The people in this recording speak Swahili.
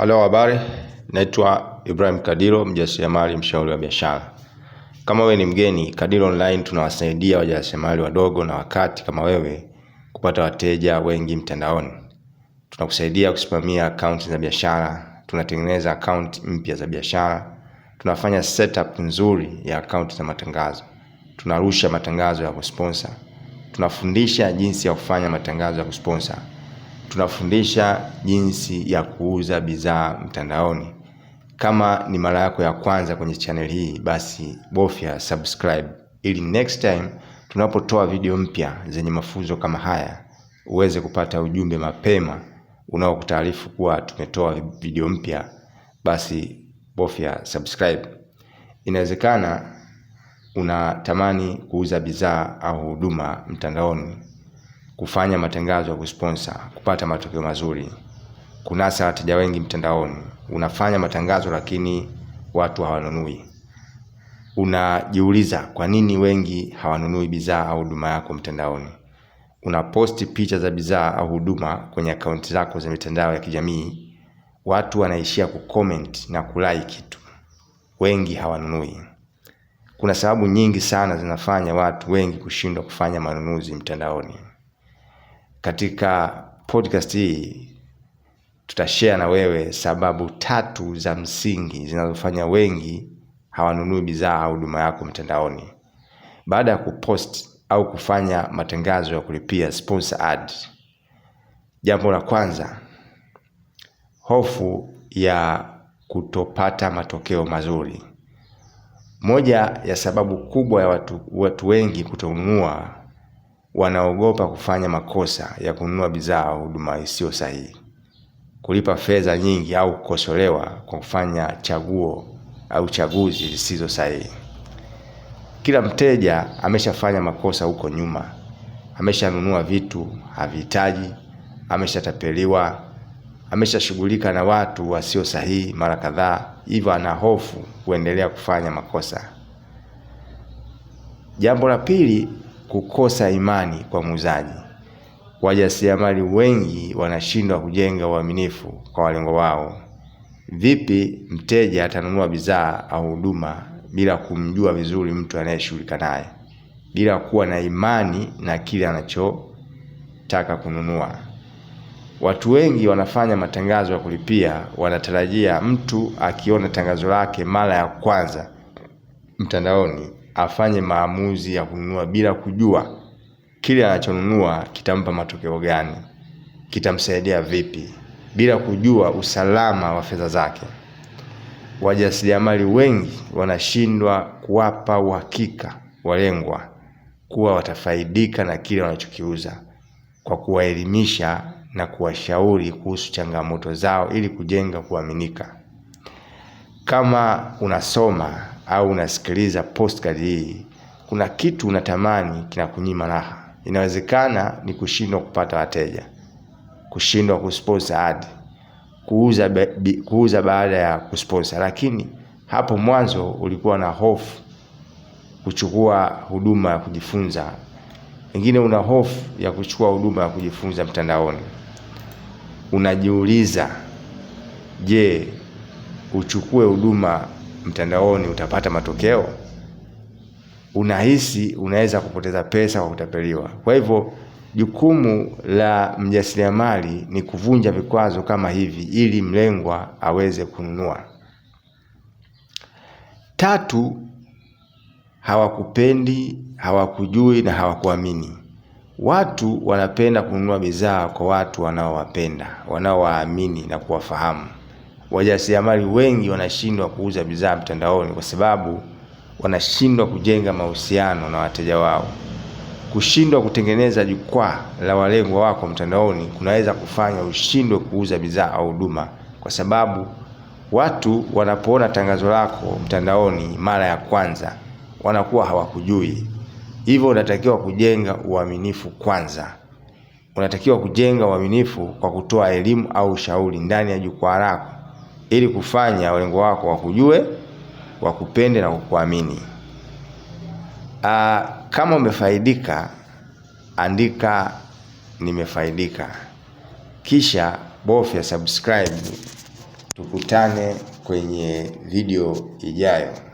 Halo, habari. Naitwa Ibrahim Kadilo, mjasiriamali, mshauri wa biashara. Kama wewe ni mgeni, Kadilo Online tunawasaidia wajasiriamali wadogo na wakati kama wewe kupata wateja wengi mtandaoni. Tunakusaidia kusimamia akaunti za biashara, tunatengeneza akaunti mpya za biashara, tunafanya setup nzuri ya akaunti za matangazo, tunarusha matangazo ya kusponsor, tunafundisha jinsi ya kufanya matangazo ya kusponsor tunafundisha jinsi ya kuuza bidhaa mtandaoni. Kama ni mara yako ya kwanza kwenye channel hii, basi bofya subscribe ili next time tunapotoa video mpya zenye mafunzo kama haya uweze kupata ujumbe mapema unaokutaarifu kuwa tumetoa video mpya, basi bofya subscribe. Inawezekana unatamani kuuza bidhaa au huduma mtandaoni kufanya matangazo ya kusponsor, kupata matokeo mazuri, kunasa wateja wengi mtandaoni. Unafanya matangazo lakini watu hawanunui, unajiuliza kwa nini wengi hawanunui bidhaa au huduma yako mtandaoni. Unaposti picha za bidhaa au huduma kwenye akaunti zako za mitandao ya kijamii, watu wanaishia kucomment na kulike kitu, wengi hawanunui. Kuna sababu nyingi sana zinafanya watu wengi kushindwa kufanya manunuzi mtandaoni. Katika podcast hii tutashare na wewe sababu tatu za msingi zinazofanya wengi hawanunui bidhaa au huduma yako mtandaoni. Baada ya kupost au kufanya matangazo ya kulipia sponsor ad, jambo la kwanza, hofu ya kutopata matokeo mazuri. Moja ya sababu kubwa ya watu, watu wengi kutonunua wanaogopa kufanya makosa ya kununua bidhaa au huduma isiyo sahihi, kulipa fedha nyingi au kukosolewa kwa kufanya chaguo au chaguzi zisizo sahihi. Kila mteja ameshafanya makosa huko nyuma, ameshanunua vitu havihitaji, ameshatapeliwa, ameshashughulika na watu wasio sahihi mara kadhaa, hivyo ana hofu kuendelea kufanya makosa. Jambo la pili kukosa imani kwa muuzaji. Wajasiriamali wengi wanashindwa kujenga uaminifu kwa walengo wao. Vipi mteja atanunua bidhaa au huduma bila kumjua vizuri mtu anayeshughulika naye, bila kuwa na imani na kile anachotaka kununua? Watu wengi wanafanya matangazo ya kulipia, wanatarajia mtu akiona tangazo lake mara ya kwanza mtandaoni afanye maamuzi ya kununua bila kujua kile anachonunua kitampa matokeo gani, kitamsaidia vipi, bila kujua usalama wa fedha zake. Wajasiriamali wengi wanashindwa kuwapa uhakika walengwa kuwa watafaidika na kile wanachokiuza kwa kuwaelimisha na kuwashauri kuhusu changamoto zao ili kujenga kuaminika. Kama unasoma au unasikiliza postcard hii, kuna kitu unatamani kinakunyima raha. Inawezekana ni kushindwa kupata wateja, kushindwa kusponsor ad, kuuza, kuuza baada ya kusponsor, lakini hapo mwanzo ulikuwa na hofu kuchukua huduma ya kujifunza. wengine una hofu ya kuchukua huduma ya kujifunza mtandaoni, unajiuliza, je, uchukue huduma mtandaoni utapata matokeo, unahisi unaweza kupoteza pesa kwa kutapeliwa. Kwa hivyo jukumu la mjasiriamali ni kuvunja vikwazo kama hivi ili mlengwa aweze kununua. Tatu, hawakupendi, hawakujui na hawakuamini. Watu wanapenda kununua bidhaa kwa watu wanaowapenda, wanaowaamini na kuwafahamu wajasiriamali wengi wanashindwa kuuza bidhaa mtandaoni kwa sababu wanashindwa kujenga mahusiano na wateja wao. Kushindwa kutengeneza jukwaa la walengwa wako mtandaoni kunaweza kufanya ushindwe kuuza bidhaa au huduma, kwa sababu watu wanapoona tangazo lako mtandaoni mara ya kwanza wanakuwa hawakujui. Hivyo unatakiwa kujenga uaminifu kwanza. Unatakiwa kujenga uaminifu kwa kutoa elimu au ushauri ndani ya jukwaa lako ili kufanya walengo wako wakujue, wakupende na kukuamini. Aa, ah, kama umefaidika andika nimefaidika, kisha bofya subscribe. Tukutane kwenye video ijayo.